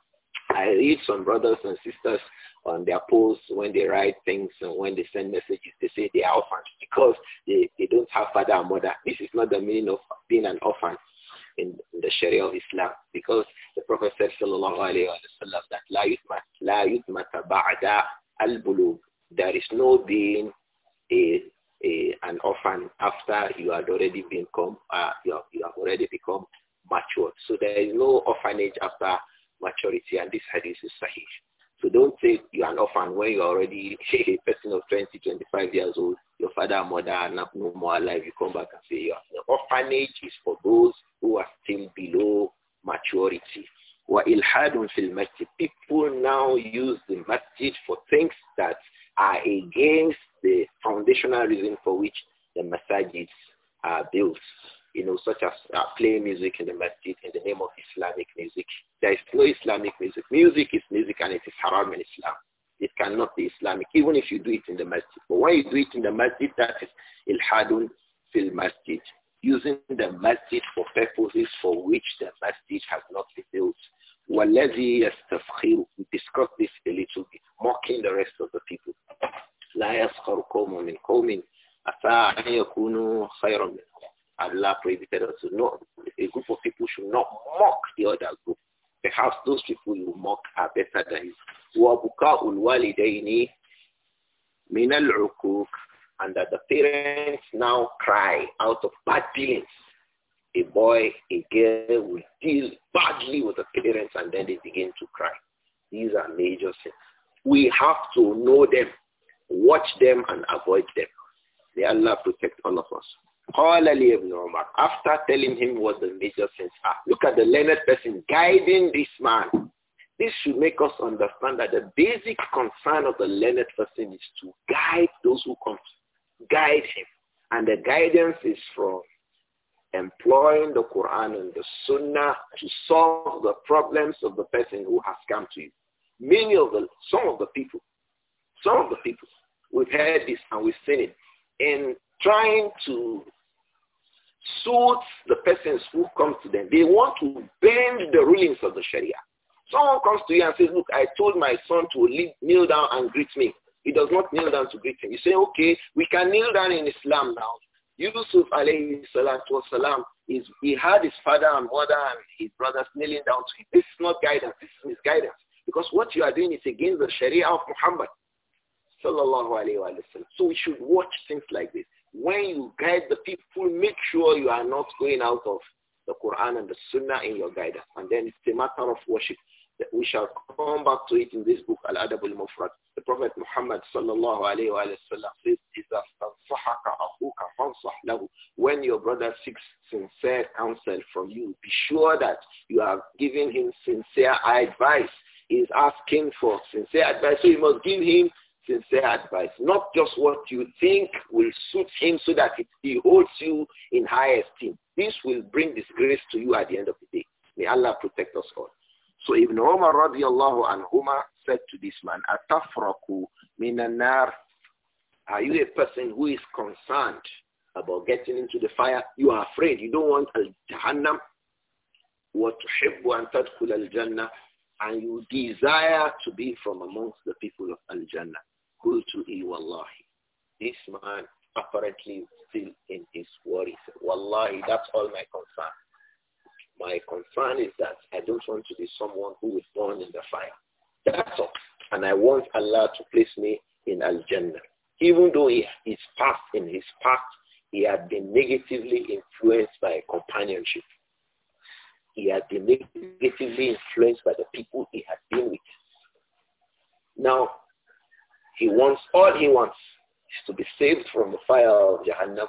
I read some brothers and sisters on their posts when they write things and when they send messages, they say they are orphans because they, they don't have father and mother. This is not the meaning of being an orphan in, in the Sharia of Islam because the Prophet said, sallallahu alaihi wasallam sallam, that la yutma, la yutmata ba'da al-bulug. There is no being a, a an orphan after you had already become uh, you, have, you have already become matured. So there is no orphanage after maturity, and this hadith is sahih. So don't say you're an orphan when you're already (laughs) a person of 20, 25 years old. Your father and mother are not no more alive. You come back and say you're an orphanage is for those who are still below maturity. People now use the masjid for things that are against the foundational reason for which the masajids are built. You know, such as uh, playing music in the masjid in the name of Islamic music. There is no Islamic music. Music is music and it is haram in Islam. It cannot be Islamic, even if you do it in the masjid. But when you do it in the masjid, that is ilhadun fil masjid, using the masjid for purposes for which the masjid has not been built وَالَّذِي يَسْتَفْخِرُ We discussed this a little bit, mocking the rest of the people. لَا يَسْخَرُ قَوْمٌ مِنْ قَوْمٍ أَسَىٰ أَنْ يَكُونُ خَيْرًا مِنْهُمْ Allah prohibited us to know. A group of people should not mock the other group. Perhaps those people you mock are better than you. وَبُكَاءُ الْوَالِدَيْنِ مِنَ الْعُقُوقِ And that the parents now cry out of bad feelings a boy, a girl will deal badly with the parents and then they begin to cry. These are major sins. We have to know them, watch them and avoid them. May Allah protect all of us. After telling him what the major sins are, look at the learned person guiding this man. This should make us understand that the basic concern of the learned person is to guide those who come. Guide him. And the guidance is from employing the Quran and the Sunnah to solve the problems of the person who has come to you. Many of the, some of the people, some of the people, we've heard this and we've seen it, in trying to suit the persons who come to them. They want to bend the rulings of the Sharia. Someone comes to you and says, look, I told my son to kneel down and greet me. He does not kneel down to greet him. You say, okay, we can kneel down in Islam now. Yusuf alayhi salatu wasalam, is, he had his father and mother and his brothers kneeling down to him. This is not guidance. This is misguidance. Because what you are doing is against the Sharia of Muhammad. Sallallahu alayhi wa So we should watch things like this. When you guide the people, make sure you are not going out of the Quran and the Sunnah in your guidance. And then it's a matter of worship. We shall come back to it in this book, Al-Adab al-Mufrad. The Prophet Muhammad sallallahu alayhi wa sallam says, When your brother seeks sincere counsel from you, be sure that you have given him sincere advice. He is asking for sincere advice, so you must give him sincere advice, not just what you think will suit him so that he holds you in high esteem. This will bring disgrace to you at the end of the day. May Allah protect us all. So Ibn Umar radiallahu anhuma said to this man, Atafraku minan nar. Are you a person who is concerned about getting into the fire? You are afraid. You don't want al-jahannam. وَتُحِبُّ أَن تَدْخُلَ الْجَنَّةِ And you desire to be from amongst the people of al-jannah. قُلْتُ إِي وَاللَّهِ This man apparently still in his worries. Wallahi, that's all my concern. My concern is that I don't want to be someone who is born in the fire. That's all. And I want Allah to place me in Al-Jannah. Even though he, his past, in his past, he had been negatively influenced by companionship. He had been negatively influenced by the people he had been with. Now, he wants, all he wants is to be saved from the fire of Jahannam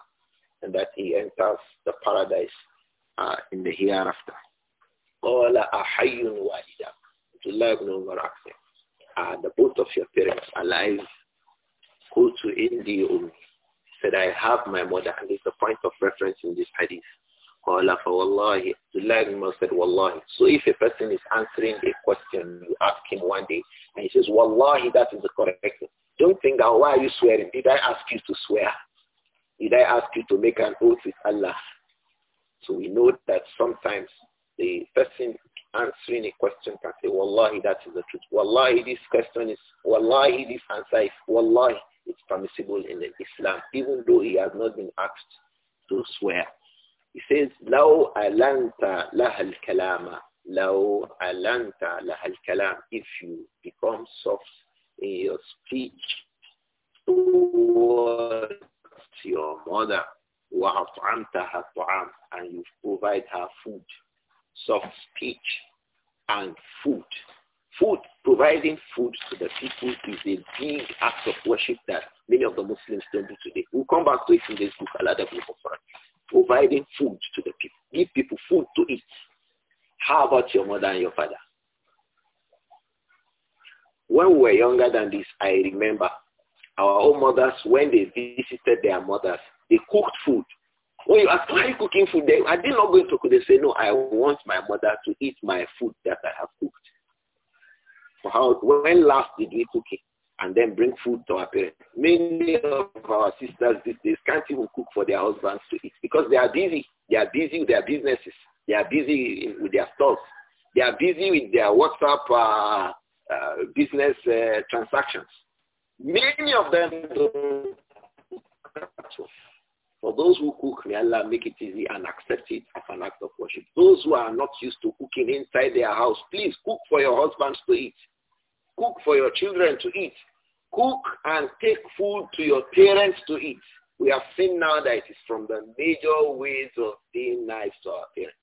and that he enters the paradise uh, in the hereafter. قال أحي والدك Abdullah ibn Umar Are the both of your parents alive? Who to Indi Ummi? said, I have my mother. And it's the point of reference in this hadith. Qala fa wallahi. Abdullah ibn Umar said, wallahi. So if a person is answering a question, you ask him one day, and he says, wallahi, that is the correct thing. Don't think that, why are you swearing? Did I ask you to swear? Did I ask you to make an oath with Allah? So we know that sometimes the person answering a question can say, Wallahi, that is the truth. Wallahi, this question is, Wallahi, this answer is, Wallahi, it's permissible in Islam, even though he has not been asked to swear. He says, لو ألنت لها الكلام لو ألنت لها الكلام If you become soft in your speech towards your mother, وَأَطْعَمْتَهَا الطَّعَامَ And you provide her food, soft speech, and food. Food, providing food to the people is a big act of worship that many of the Muslims don't do today. We'll come back to it in this book, Allah Providing food to the people. Give people food to eat. How about your mother and your father? When we were younger than this, I remember our own mothers, when they visited their mothers, they cooked food. When you ask, why are you cooking food? They, are they not going to cook? They say, no, I want my mother to eat my food that I have cooked. For how, when last did we cook it? And then bring food to our parents. Many of our sisters these days can't even cook for their husbands to eat because they are busy. They are busy with their businesses. They are busy with their stores. They are busy with their WhatsApp uh, uh, business uh, transactions. Many of them for those who cook, may Allah make it easy and accept it as an act of worship. Those who are not used to cooking inside their house, please cook for your husbands to eat. Cook for your children to eat. Cook and take food to your parents to eat. We have seen now that it is from the major ways of being nice to our parents.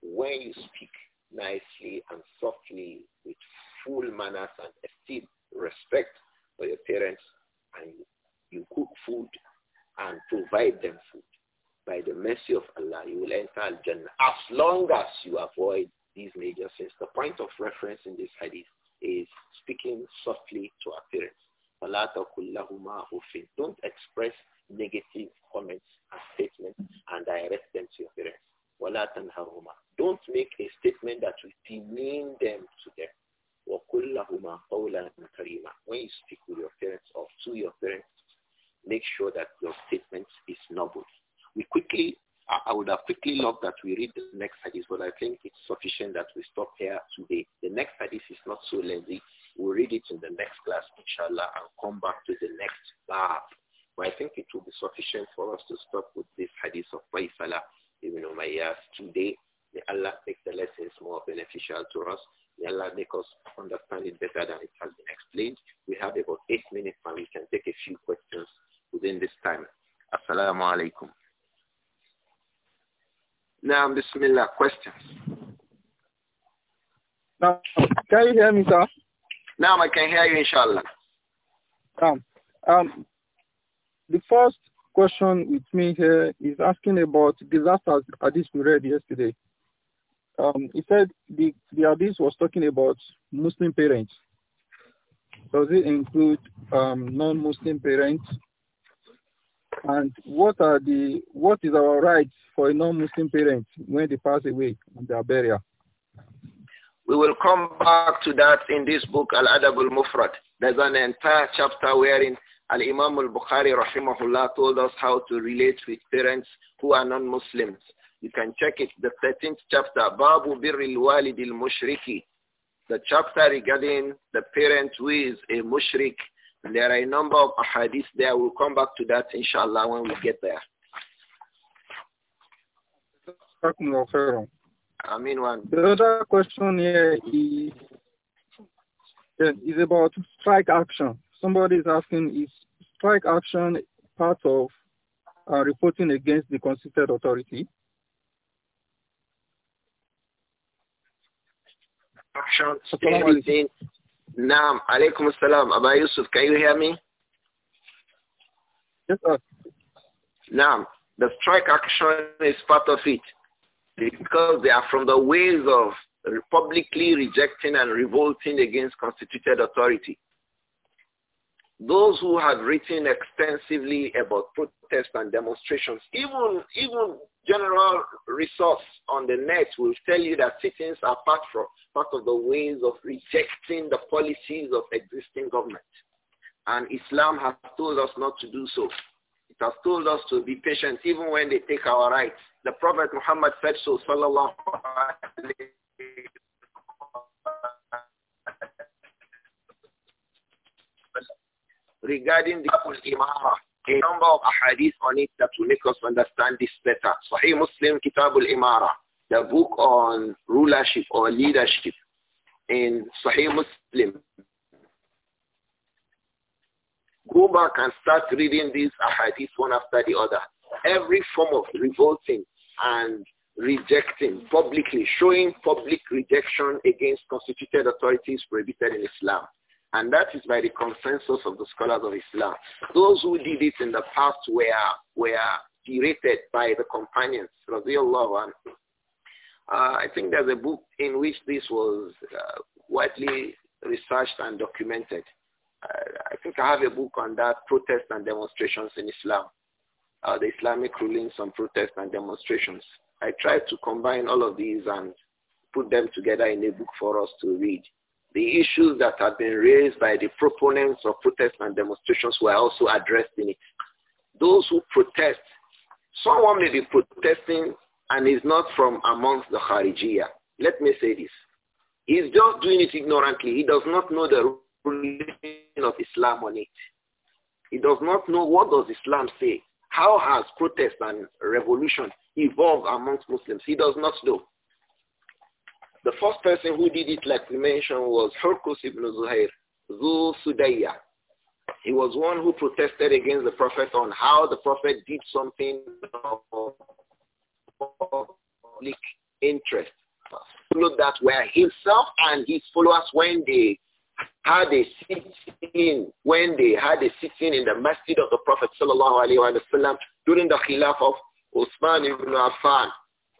When you speak nicely and softly with full manners and esteem, respect for your parents and you cook food and provide them food. By the mercy of Allah, you will enter Al-Jannah as long as you avoid these major sins. The point of reference in this hadith is speaking softly to our parents. Don't express negative comments and statements and direct them to your parents. Don't make a statement that will demean them to them. وَكُلَّهُمَا قَوْلًا كَرِيمًا When you speak with your parents or to your parents, make sure that your statement is noble. We quickly, I would have quickly loved that we read the next hadith, but I think it's sufficient that we stop here today. The next hadith is not so lengthy. We'll read it in the next class, inshallah, and come back to the next bab. But I think it will be sufficient for us to stop with this hadith of Faisala ibn Umayyah today. May Allah make the lessons more beneficial to us. May Allah make us understand it better than it has been explained. We have about eight minutes and we can take a few questions within this time. Assalamu alaikum. Now, Bismillah, questions. Now, can you hear me, sir? Now I can hear you, inshallah. Um, um, the first question with me here is asking about disasters. At this we read yesterday um, he said the, the hadith was talking about Muslim parents. Does it include um, non-Muslim parents? And what are the what is our rights for a non-Muslim parent when they pass away on their burial? We will come back to that in this book, al Adabul mufrad There's an entire chapter wherein Al-Imam al-Bukhari rahimahullah told us how to relate with parents who are non-Muslims. You can check it, the 13th chapter, Babu Birril Walidil Mushriki, the chapter regarding the parent who is a mushrik. And there are a number of ahadith there. We'll come back to that, inshallah, when we get there. I mean one. The other question here is, is about strike action. Somebody is asking, is strike action part of uh, reporting against the constituted authority? Sean. Naam. assalam. Abba Yusuf, can you hear me? Yes, sir. Naam. The strike action is part of it because they are from the ways of publicly rejecting and revolting against constituted authority. Those who have written extensively about protests and demonstrations, even, even general resource on the net will tell you that citizens are part, from, part of the ways of rejecting the policies of existing government. And Islam has told us not to do so. It has told us to be patient even when they take our rights. The Prophet Muhammad said so, sallallahu regarding the Imara, a number of ahadith on it that will make us understand this better. Sahih Muslim al Imara, the book on rulership or leadership in Sahih Muslim. Go back and start reading these ahadith one after the other. Every form of revolting and rejecting publicly, showing public rejection against constituted authorities prohibited in Islam. And that is by the consensus of the scholars of Islam. Those who did it in the past were, were curated by the companions, Rasulullah. Uh, I think there's a book in which this was uh, widely researched and documented. Uh, I think I have a book on that, Protests and Demonstrations in Islam, uh, the Islamic rulings on protests and demonstrations. I tried to combine all of these and put them together in a book for us to read. The issues that have been raised by the proponents of protests and demonstrations were also addressed in it. Those who protest, someone may be protesting and is not from amongst the Kharijiyah. Let me say this. He's just doing it ignorantly. He does not know the ruling of Islam on it. He does not know what does Islam say. How has protest and revolution evolved amongst Muslims? He does not know. The first person who did it, like we mentioned, was Hurkus ibn Zuhair, Zu Sudayya. He was one who protested against the Prophet on how the Prophet did something of public interest. Followed that where himself and his followers, when they had a sitting, when they had a sitting in the masjid of the Prophet sallallahu alaihi wasallam during the khilaf of Uthman ibn Affan,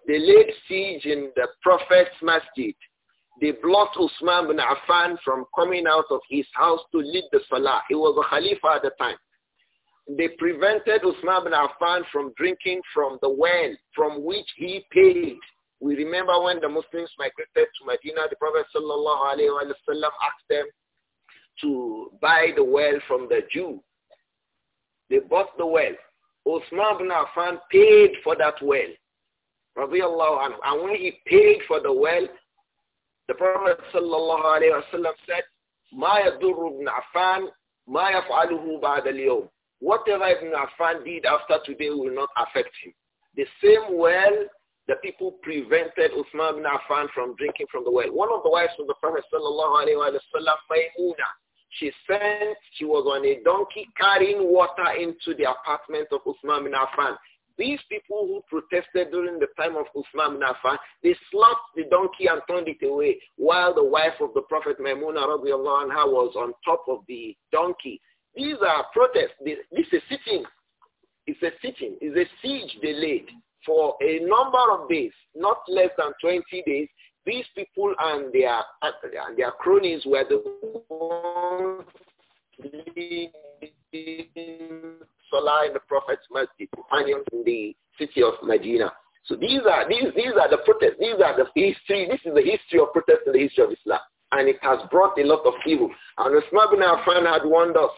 they laid siege in the Prophet's masjid. They blocked Usman bin Affan from coming out of his house to lead the Salah. He was a Khalifa at the time. They prevented Usman bin Affan from drinking from the well from which he paid. We remember when the Muslims migrated to Medina, the Prophet asked them to buy the well from the Jew. They bought the well. Osman bin Affan paid for that well. And when he paid for the well, the Prophet sallallahu alayhi wa sallam said, ما يضر ابن عفان ما يفعله بعد اليوم. Whatever Ibn Affan did after today will not affect him. The same well the people prevented Uthman ibn Affan from drinking from the well. One of the wives of the Prophet sallallahu alayhi wa sallam, Maymuna, she sent, she was on a donkey carrying water into the apartment of Uthman ibn Affan. These people who protested during the time of Usman bin Affan, they slapped the donkey and turned it away while the wife of the Prophet Maimuna anha was on top of the donkey. These are protests. This is a sitting. It's a sitting. It's a siege they laid for a number of days, not less than 20 days. These people and their, and their cronies were the ones Allah in the Prophet's masjid, companions in the city of Medina. So these are, these, these are the protests. These are the history. This is the history of protest in the history of Islam. And it has brought a lot of evil. And Usman bin Affan had warned us,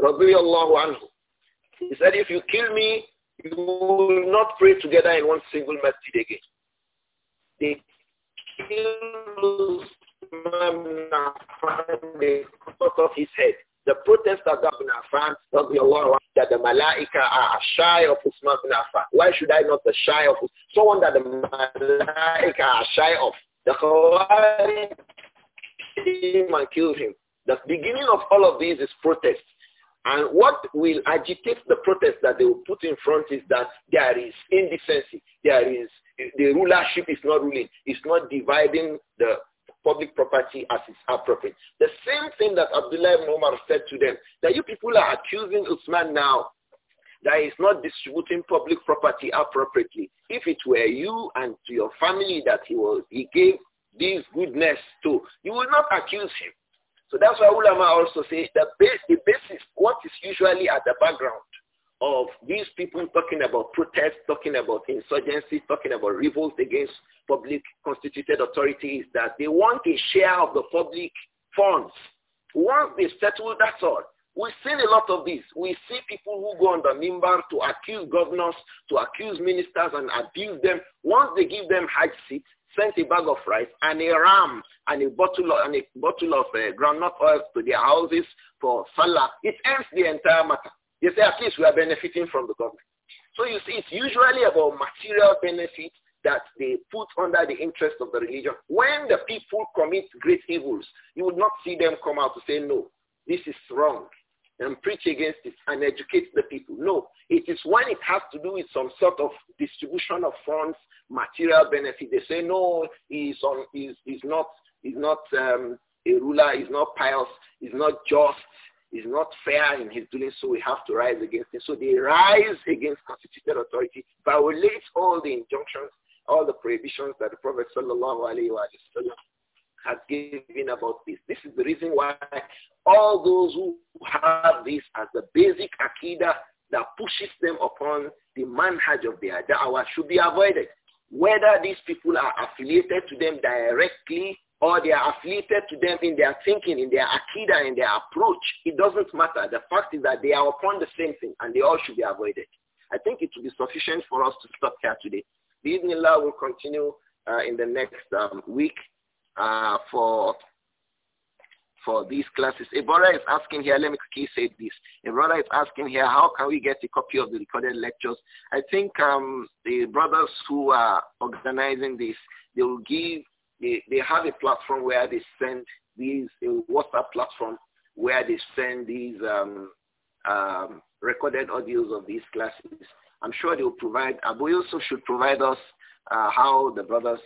Radiallahu anhu. He said, if you kill me, you will not pray together in one single masjid again. They killed Usman bin Affan. They cut off his head. The protest of Ibn Affan, that the Malaika are shy of Usman bin Affan. Why should I not be shy of someone that the Malaika are shy of? The Khawarij and killed him. The beginning of all of this is protest. And what will agitate the protest that they will put in front is that there is indecency. There is the rulership is not ruling. It's not dividing the public property as is appropriate. The same thing that Abdullah ibn Umar said to them, that you people are accusing Usman now that he's not distributing public property appropriately. If it were you and to your family that he was, he gave this goodness to, you would not accuse him. So that's why ulama also say the base, the basis, what is usually at the background of these people talking about protests, talking about insurgency, talking about revolt against public constituted authority is that they want a share of the public funds. Once they settle, that's all. We've seen a lot of this. We see people who go on the mimbar to accuse governors, to accuse ministers and abuse them. Once they give them high seats, send a bag of rice and a ram and a bottle of, and a bottle of uh, groundnut oil to their houses for salah, it ends the entire matter. They say, at least we are benefiting from the government. So you see, it's usually about material benefit that they put under the interest of the religion. When the people commit great evils, you would not see them come out to say, no, this is wrong and preach against it and educate the people. No, it is when it has to do with some sort of distribution of funds, material benefit. They say, no, he's, on, he's, he's not, he's not um, a ruler, he's not pious, he's not just, is not fair in his doing so, we have to rise against him. So they rise against constituted authority, violate all the injunctions, all the prohibitions that the Prophet has given about this. This is the reason why all those who have this as the basic akida that pushes them upon the manhaj of their da'wah should be avoided. Whether these people are affiliated to them directly or they are affiliated to them in their thinking, in their akida, in their approach, it doesn't matter. The fact is that they are upon the same thing and they all should be avoided. I think it will be sufficient for us to stop here today. The law will continue uh, in the next um, week uh, for for these classes. A is asking here, let me quickly say this. A is asking here, how can we get a copy of the recorded lectures? I think um, the brothers who are organizing this, they will give they, they have a platform where they send these, a WhatsApp platform where they send these um, um, recorded audios of these classes. I'm sure they will provide, Abu uh, Yusuf should provide us uh, how the brothers,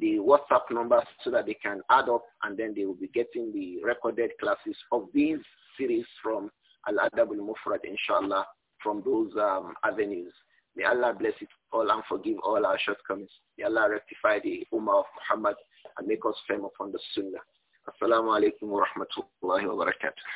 the WhatsApp numbers so that they can add up and then they will be getting the recorded classes of these series from Al-Adab mufrad inshallah, from those um, avenues. May Allah bless it all and forgive all our shortcomings. May Allah rectify the Ummah of Muhammad and make us firm upon the sunnah. Assalamu alaikum wa rahmatullahi wa barakatuh.